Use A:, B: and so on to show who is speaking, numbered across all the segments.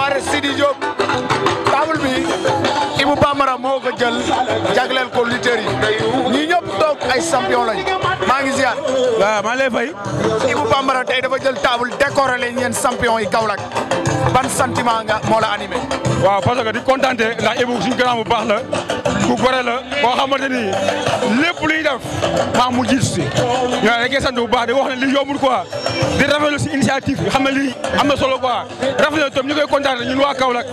A: war Sidi Diop table bi Ibou Bambara moo ko jël jagleel ko lutteurs yi ñi ñëpp toog ay champion lañ maa ngi ziar. waaw maa lay fay. Ibou Bambara tey dafa jël table décoré leen ñeen champion yi Kaolack ban sentiment nga moo la animé. waa parce que di kontaan ndax Ibou suñu grand bu baax la. ku gore la boo xamante ni lépp luy def maa mu jiitu si ñoo dañ koy sant bu baax de wax na li yombul quoi di rafetlu si initiative bi xam ne lii am na solo quoi rafetlu na tam ñu koy kontaanee ñun waa Kaolack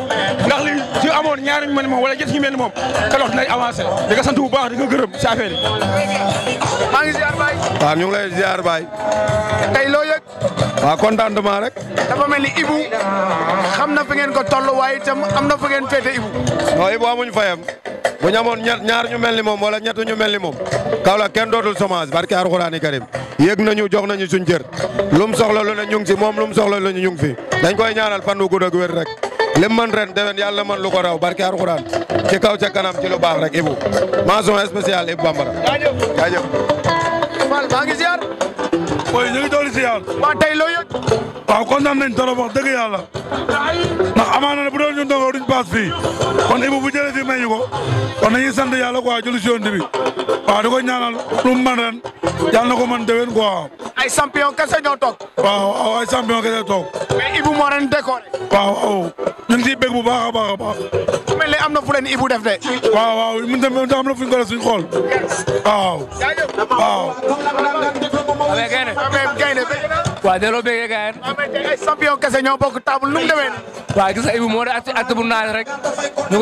A: ndax li ci amoon ñaari ñu mel ni moom wala ñett ñu mel ni moom Kaolack dinañ avancé di ko sant bu baax di ko gërëm si affaire maa ngi ziar Baye. waaw ñu ngi lay ziar Baye. tey loo yëg. waaw contentement rek. dafa mel ni Ibou xam na fi ngeen ko toll waaye tam am na fi ngeen féete Ibou. non Ibou bu ñu amoon ñaar ñu mel ni moom wala ñett ñu mel ni moom Kaolack kenn dootul chômage barke Alxuraani Karim yéeg nañu jox nañu suñ cër lu mu soxla lu ne ñu moom lu mu lu ñu ngi dañ koy ñaanal fan wu gudd ak rek lim man ren déwén yàlla man lu ko raw barke Alxuraan ci kaw ca ci lu baax rek Ibou mention spéciale Ibou Bambara jaajëf Fall maa ngi ziar booy ñu ngi dolli si yàlla. waaw tey loo yëg. waaw kontaan nañ trop wax dëgg yàlla. ndax amaana ne bu doon ñu ndongo duñ paas fii kon Ibou bu jëlee fii may ñu ko kon nañuy sant yàlla ko julli si yoon bi waaw di ko ñaanal lu mu mën ren na ko man déwén quoi. ay champion kese ñoo toog. waaw ay champion kese toog. mais Ibou moo ren décoré. waaw waaw ñu ngi ciy bég bu baax a baax a baax. su am na fu leen Ibou def de. waaw waaw mu dem am na fu ñu ko def suñu xool waaw waaw. waaw delloo béyee gars yi. waaw mais kese ñoo bokk taabul nu mu waa nii. waaw gis nga moo di acte acte bu naaj rek ñu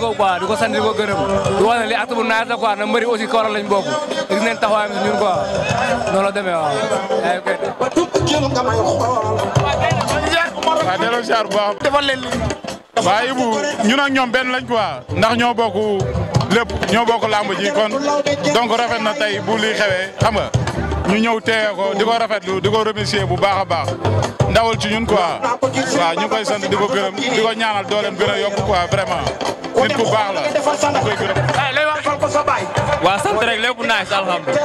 A: ko quoi di ko sant di ko gërëm di wax ne lii acte bu naaj la quoi na mbëri aussi kawar lañ
B: la demee waaw. waaw delloo ziar defal leen lii. waaw Ibou ñun ak ñoom benn lañ ko ndax ñoo bokk lépp ñoo bokk làmb ji kon donc rafet na tey bu lii xewee xam nga. ñu ñëw teewe ko di ko rafetlu di ko remercier bu baax a baax ndawal ci ñun quoi waaw ñu koy sant di ko gërëm di ko ñaanal dooleem gën a yokk quoi vraiment nit ku baax la ñu koy gërëm.
A: waaw sant rek lépp nice alhamdulilah.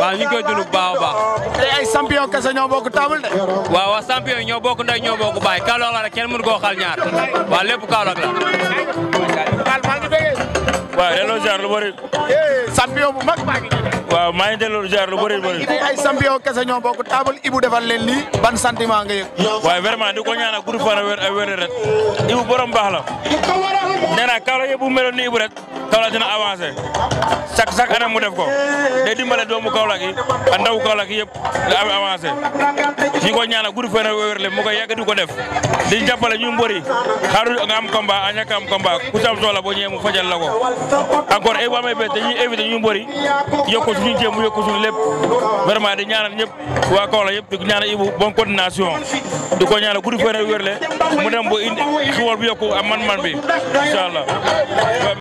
A: waaw ñu ngi koy dund bu baax a baax. tey ay champion kese ñoo bokk table de. waaw waaw champion yi ñoo bokk ndey ñoo bokk baay Kaolack la rek kenn mënu koo xal ñaar waaw lépp Kaolack la. waaw delloo ziar lu bëri. Eh, champion bu mag maa ngi waaw maa ngi delloo ziar lu bëri bëri ay champion kese ñoo bokk table Ibou defal leen lii ban sentiment nga yëg waaw vraiment di ko ñaanal groupe a wér a borom baax la nee naa kaw meloon ni Ibou rek Kaolack dina avancé chaque chaque année mu def ko day dimbale doomu Kaolack yi ak ndaw Kaolack yi yëpp nga avancé ñu ko ñaanal gudd fan ak wér-wér mu koy yàgg di ko def di jàppale ñu mbëri xaaru nga am combat a ñàkk am combat ku ci am soxla boo ñëwee mu fajal la ko encore ay bu amee bés dañuy éviter ñu mbëri yokku suñu jéem yokku suñu lépp vraiment di ñaanal ñëpp waa Kaolack yëpp di ñaanal Ibou bonne coordination di ko ñaanal gudd fan ak wér-wér mu dem ba indi xewal bu yokku am man-man bi incha allah